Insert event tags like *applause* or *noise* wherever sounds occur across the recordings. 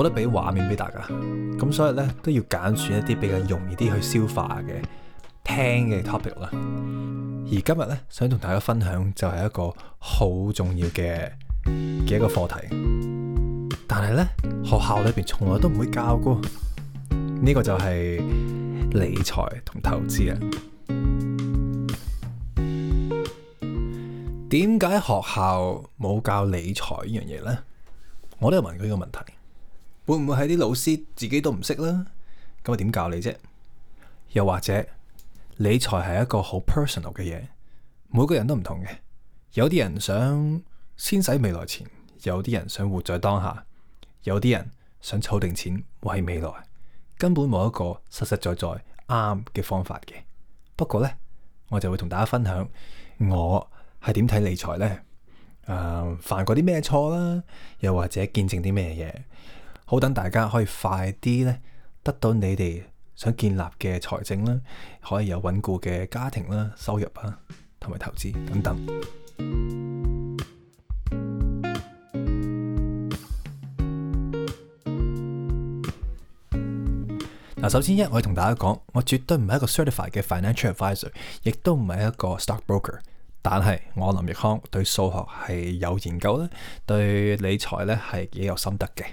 我得俾畫面俾大家，咁所以呢，都要揀選一啲比較容易啲去消化嘅聽嘅 topic 啦。而今日呢，想同大家分享就係一個好重要嘅嘅一個課題，但係呢，學校裏邊從來都唔會教噶，呢、這個就係理財同投資啊。點解學校冇教理財呢樣嘢呢？我都係問佢呢個問題。會唔會係啲老師自己都唔識啦？咁我點教你啫？又或者理財係一個好 personal 嘅嘢，每個人都唔同嘅。有啲人想先使未來錢，有啲人想活在當下，有啲人想儲定錢為未來。根本冇一個實實在在啱嘅方法嘅。不過呢，我就會同大家分享我係點睇理財呢？誒、嗯，犯過啲咩錯啦？又或者見證啲咩嘢？好等大家可以快啲咧，得到你哋想建立嘅財政啦，可以有穩固嘅家庭啦、收入啦，同埋投資等等。嗱， *music* 首先一，我同大家講，我絕對唔係一個 certified 嘅 financial advisor，亦都唔係一個 stockbroker，但係我林奕康對數學係有研究咧，對理財咧係幾有心得嘅。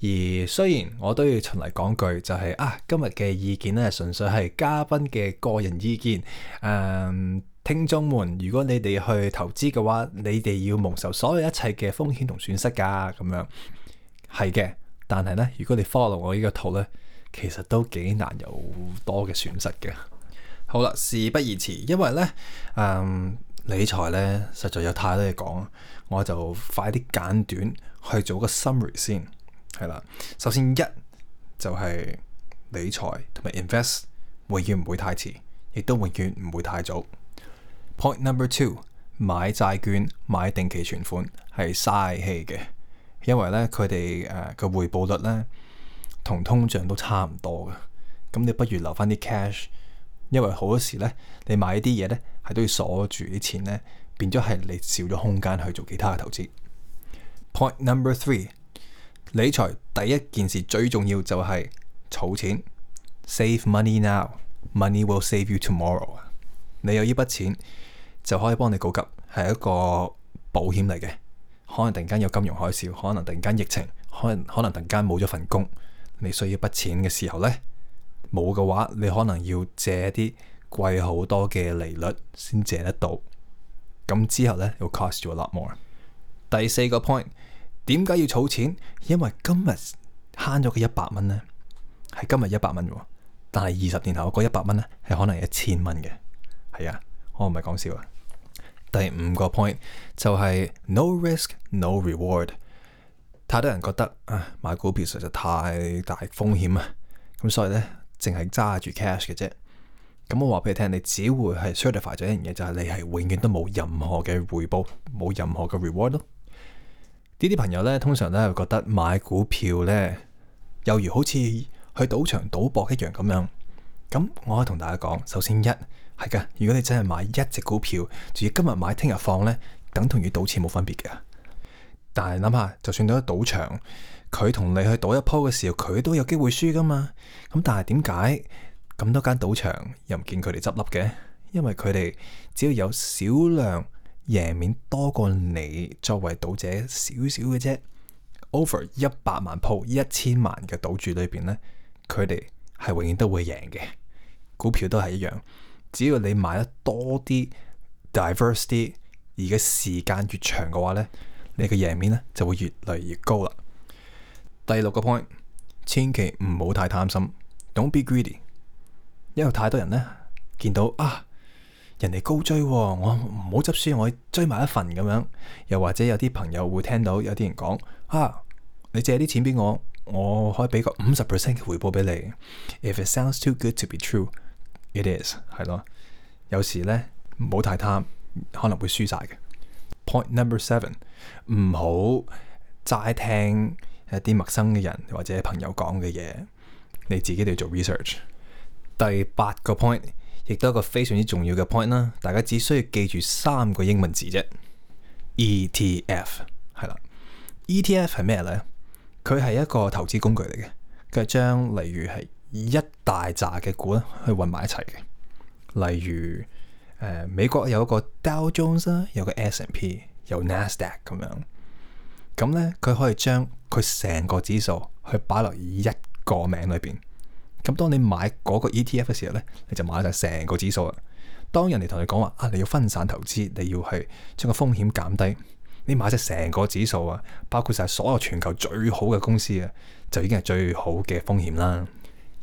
而雖然我都要循例講句，就係、是、啊，今日嘅意見咧，純粹係嘉賓嘅個人意見。誒、嗯，聽眾們，如果你哋去投資嘅話，你哋要蒙受所有一切嘅風險同損失噶。咁樣係嘅，但係咧，如果你 follow 我個呢個套咧，其實都幾難有多嘅損失嘅。好啦，事不宜遲，因為咧，誒、嗯，理財咧實在有太多嘢講，我就快啲簡短去做個 summary 先。係啦，首先一就係、是、理財同埋 invest，永遠唔會太遲，亦都永遠唔會太早。Point number two，買債券、買定期存款係嘥氣嘅，因為咧佢哋誒嘅回報率咧同通脹都差唔多嘅，咁你不如留翻啲 cash，因為好多時咧你買啲嘢咧係都要鎖住啲錢咧，變咗係你少咗空間去做其他嘅投資。Point number three。理財第一件事最重要就係、是、儲錢，Save money now，money will save you tomorrow。你有呢筆錢就可以幫你告急，係一個保險嚟嘅。可能突然間有金融海嘯，可能突然間疫情，可能可能突然間冇咗份工，你需要筆錢嘅時候呢，冇嘅話，你可能要借啲貴好多嘅利率先借得到。咁之後呢，要 cost you a lot more。第四個 point。點解要儲錢？因為今日慳咗佢一百蚊呢，係今日一百蚊，但係二十年後嗰一百蚊呢，係可能一千蚊嘅。係啊，我唔係講笑啊。第五個 point 就係、是、no risk no reward。太多人覺得啊、哎，買股票實在太大風險啊，咁所以呢，淨係揸住 cash 嘅啫。咁我話俾你聽，你只會係 certify 咗一樣嘢，就係、是、你係永遠都冇任何嘅回報，冇任何嘅 reward 咯。呢啲朋友咧，通常都係覺得買股票咧，猶如好似去賭場賭博一樣咁樣。咁我可以同大家講，首先一係嘅，如果你真係買一隻股票，仲要今日買聽日放咧，等同於賭錢冇分別嘅。但係諗下，就算到咗賭場，佢同你去賭一鋪嘅時候，佢都有機會輸噶嘛。咁但係點解咁多間賭場又唔見佢哋執笠嘅？因為佢哋只要有少量。贏面多過你作為賭者少少嘅啫。over 一百萬鋪一千萬嘅賭注裏邊呢，佢哋係永遠都會贏嘅。股票都係一樣，只要你買得多啲，diversity 而家時間越長嘅話呢，你嘅贏面呢就會越嚟越高啦。第六個 point，千祈唔好太貪心，don't be greedy，因為太多人呢，見到啊。人哋高追喎，我唔好執輸，我追埋一份咁樣。又或者有啲朋友會聽到有啲人講：啊，你借啲錢俾我，我可以俾個五十 percent 嘅回報俾你。If it sounds too good to be true，it is。係咯，有時咧唔好太貪，可能會輸晒嘅。Point number seven，唔好齋聽一啲陌生嘅人或者朋友講嘅嘢，你自己都要做 research。第八個 point。亦都一個非常之重要嘅 point 啦，大家只需要記住三個英文字啫，ETF 係啦，ETF 係咩咧？佢係一個投資工具嚟嘅，佢係將例如係一大扎嘅股啦，去混埋一齊嘅。例如誒、呃、美國有一個 Dow Jones 啦，有個 S&P，有 NASDAQ 咁樣。咁咧，佢可以將佢成個指數去擺落一個名裏邊。咁當你買嗰個 ETF 嘅時候咧，你就買晒成個指數啊！當人哋同你講話啊，你要分散投資，你要去將個風險減低，你買晒成個指數啊，包括晒所有全球最好嘅公司啊，就已經係最好嘅風險啦。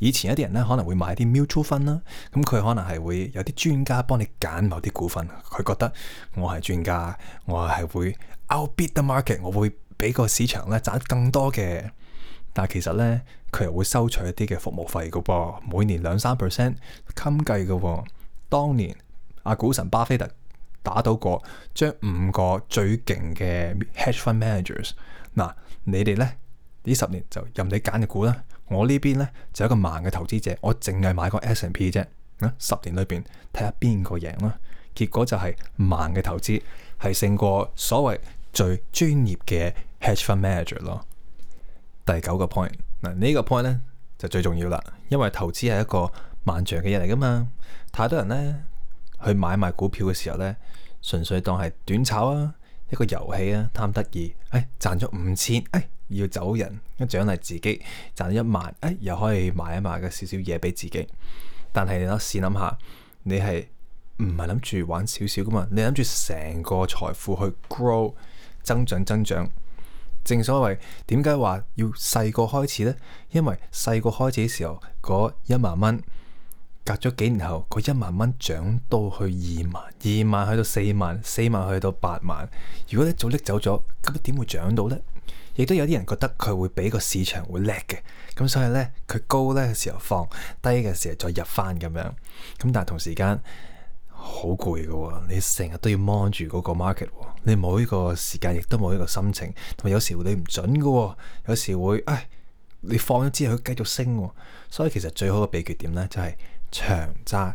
以前一啲人咧，可能會買啲 mutual fund 啦，咁佢可能係會有啲專家幫你揀某啲股份，佢覺得我係專家，我係會 outbid the market，我會俾個市場咧賺更多嘅。但其實呢，佢又會收取一啲嘅服務費噶噃、哦，每年兩三 percent，襟計噶。當年阿、啊、股神巴菲特打到過，將五個最勁嘅 hedge fund managers 嗱，你哋呢，呢十年就任你揀嘅股啦。我呢邊呢，就一個盲嘅投資者，我淨係買個 S&P 啫。啊，十年裏邊睇下邊個贏啦。結果就係盲嘅投資係勝過所謂最專業嘅 hedge fund manager 咯。第九個 point，嗱呢個 point 呢就最重要啦，因為投資係一個漫長嘅嘢嚟噶嘛。太多人呢去買賣股票嘅時候呢，純粹當係短炒啊，一個遊戲啊，貪得意。誒，賺咗五千，誒、哎、要走人，獎勵自己賺咗一萬，誒、哎、又可以買一買嘅少少嘢俾自己。但係咧，試諗下，你係唔係諗住玩少少噶嘛？你諗住成個財富去 grow 增長增長。正所謂點解話要細個開始呢？因為細個開始嘅時候，嗰一萬蚊，隔咗幾年後，嗰一萬蚊漲到去二萬，二萬去到四萬，四萬去到八萬。如果一早拎走咗，咁點會漲到呢？亦都有啲人覺得佢會比個市場會叻嘅，咁所以呢，佢高呢嘅時候放，低嘅時候再入翻咁樣。咁但係同時間。好攰嘅喎，你成日都要 mon 住嗰個 market，你冇呢個時間，亦都冇呢個心情，同埋有時會理唔準嘅喎，有時會唉，你放咗之後佢繼續升喎，所以其實最好嘅秘訣點呢，就係長揸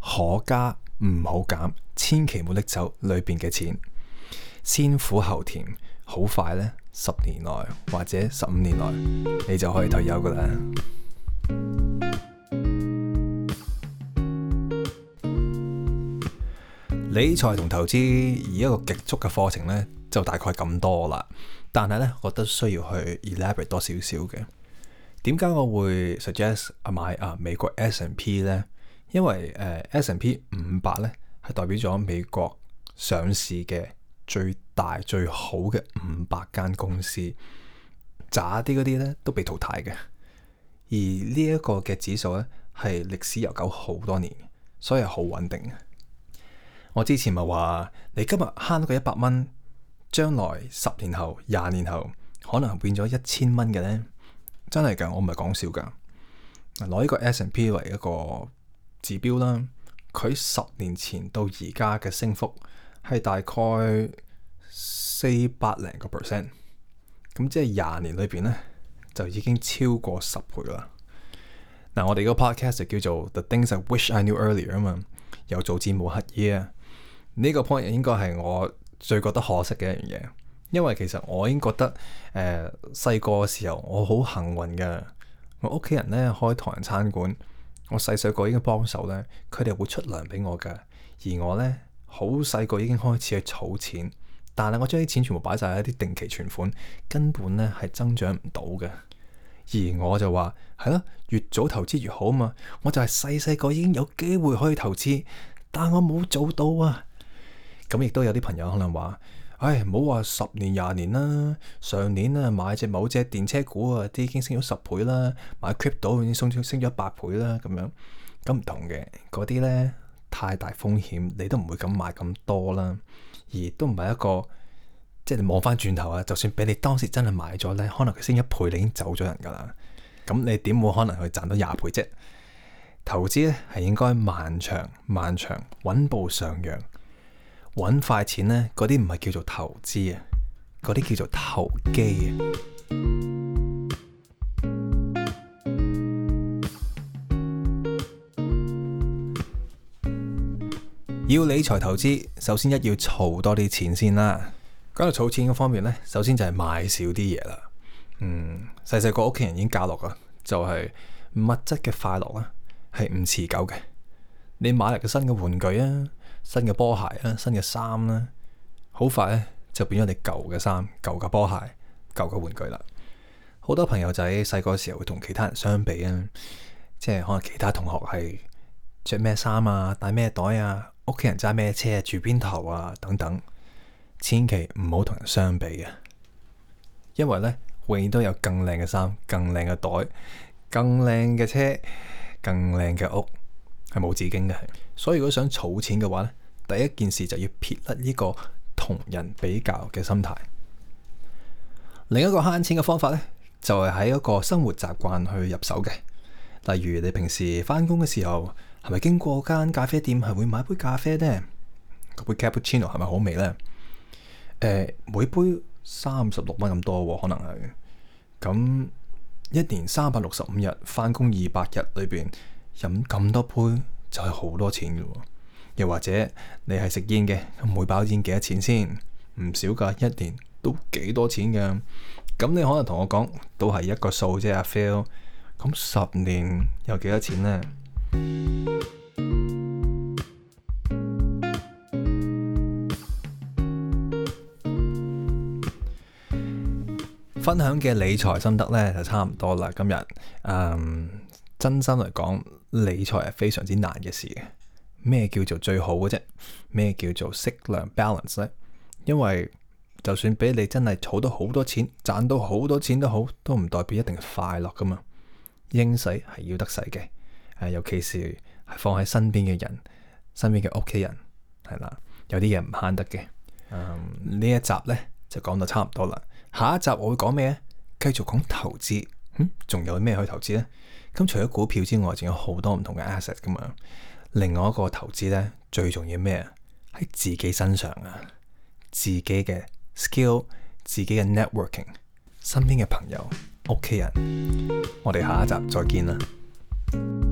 可加唔好減，千祈唔好拎走裏邊嘅錢，先苦後甜，好快呢，十年內或者十五年內你就可以退休嘅啦。理財同投資以一個極速嘅課程咧，就大概咁多啦。但係咧，我覺得需要去 elaborate 多少少嘅。點解我會 suggest 啊，買啊美國 S&P 咧？因為誒、呃、S&P 五百咧，係代表咗美國上市嘅最大最好嘅五百間公司，渣啲嗰啲咧都被淘汰嘅。而呢一個嘅指數咧係歷史悠久好多年，所以係好穩定嘅。我之前咪話，你今日慳咗個一百蚊，將來十年後，廿年後可能變咗一千蚊嘅咧，真係噶，我唔係講笑噶。攞呢個 S&P 為一個指標啦，佢十年前到而家嘅升幅係大概四百零個 percent，咁即係廿年裏邊咧就已經超過十倍啦。嗱、啊，我哋個 podcast 就叫做 The Things I Wish I Knew Earlier 啊嘛，又做節目乞衣啊。呢個 point 應該係我最覺得可惜嘅一樣嘢，因為其實我已經覺得誒細個嘅時候我好幸運㗎，我屋企人咧開唐人餐館，我細細個已經幫手咧，佢哋會出糧俾我㗎。而我咧好細個已經開始去儲錢，但係我將啲錢全部擺晒喺啲定期存款，根本咧係增長唔到㗎。而我就話係咯，越早投資越好啊嘛。我就係細細個已經有機會可以投資，但我冇做到啊。咁亦都有啲朋友可能話，唉，唔好話十年廿年啦。上年啊，買隻某隻電車股啊，都已經升咗十倍啦，買 Crypto 已經升升升咗一百倍啦，咁樣咁唔同嘅嗰啲咧，太大風險，你都唔會咁買咁多啦。而都唔係一個即係你望翻轉頭啊，就算俾你當時真係買咗咧，可能佢升一倍，你已經走咗人噶啦。咁你點會可能去賺到廿倍啫？投資咧係應該漫長漫長穩步上揚。搵快錢呢，嗰啲唔係叫做投資啊，嗰啲叫做投機啊。 *music* 要理財投資，首先一要儲多啲錢先啦。講到儲錢嗰方面呢，首先就係買少啲嘢啦。嗯，細細個屋企人已經教落噶，就係物質嘅快樂啊，係唔持久嘅。你買嚟嘅新嘅玩具啊。新嘅波鞋啦，新嘅衫啦，好快咧就變咗你舊嘅衫、舊嘅波鞋、舊嘅玩具啦。好多朋友仔細個時候會同其他人相比啊，即係可能其他同學係着咩衫啊、帶咩袋啊、屋企人揸咩車、住邊頭啊等等，千祈唔好同人相比啊，因為咧永遠都有更靚嘅衫、更靚嘅袋、更靚嘅車、更靚嘅屋。係冇止境嘅，係。所以如果想儲錢嘅話咧，第一件事就要撇甩呢個同人比較嘅心態。另一個慳錢嘅方法咧，就係、是、喺一個生活習慣去入手嘅。例如你平時返工嘅時候，係咪經過間咖啡店，係會買杯咖啡呢？嗰杯 cappuccino 係咪好味呢？誒、欸，每杯三十六蚊咁多喎，可能係。咁一年三百六十五日，返工二百日裏邊。飲咁多杯就係好多錢嘅喎，又或者你係食煙嘅，每包煙幾多錢先？唔少噶，一年都幾多錢嘅。咁你可能同我講都係一個數啫，阿 Phil。咁十年有幾多錢呢？分享嘅理財心得呢就差唔多啦。今日嗯，真心嚟講。理財係非常之難嘅事嘅，咩叫做最好嘅啫？咩叫做適量 balance 咧？因為就算俾你真係儲到好多錢，賺到好多錢都好，都唔代表一定係快樂噶嘛。應使係要得使嘅，誒尤其是係放喺身邊嘅人、身邊嘅屋企人，係啦，有啲嘢唔慳得嘅。嗯，呢一集呢就講到差唔多啦。下一集我會講咩咧？繼續講投資，嗯，仲有咩去投資呢？咁，除咗股票之外，仲有好多唔同嘅 asset 咁樣。另外一個投資呢，最重要咩？喺自己身上啊，自己嘅 skill，自己嘅 networking，身邊嘅朋友、屋企人。我哋下一集再見啦。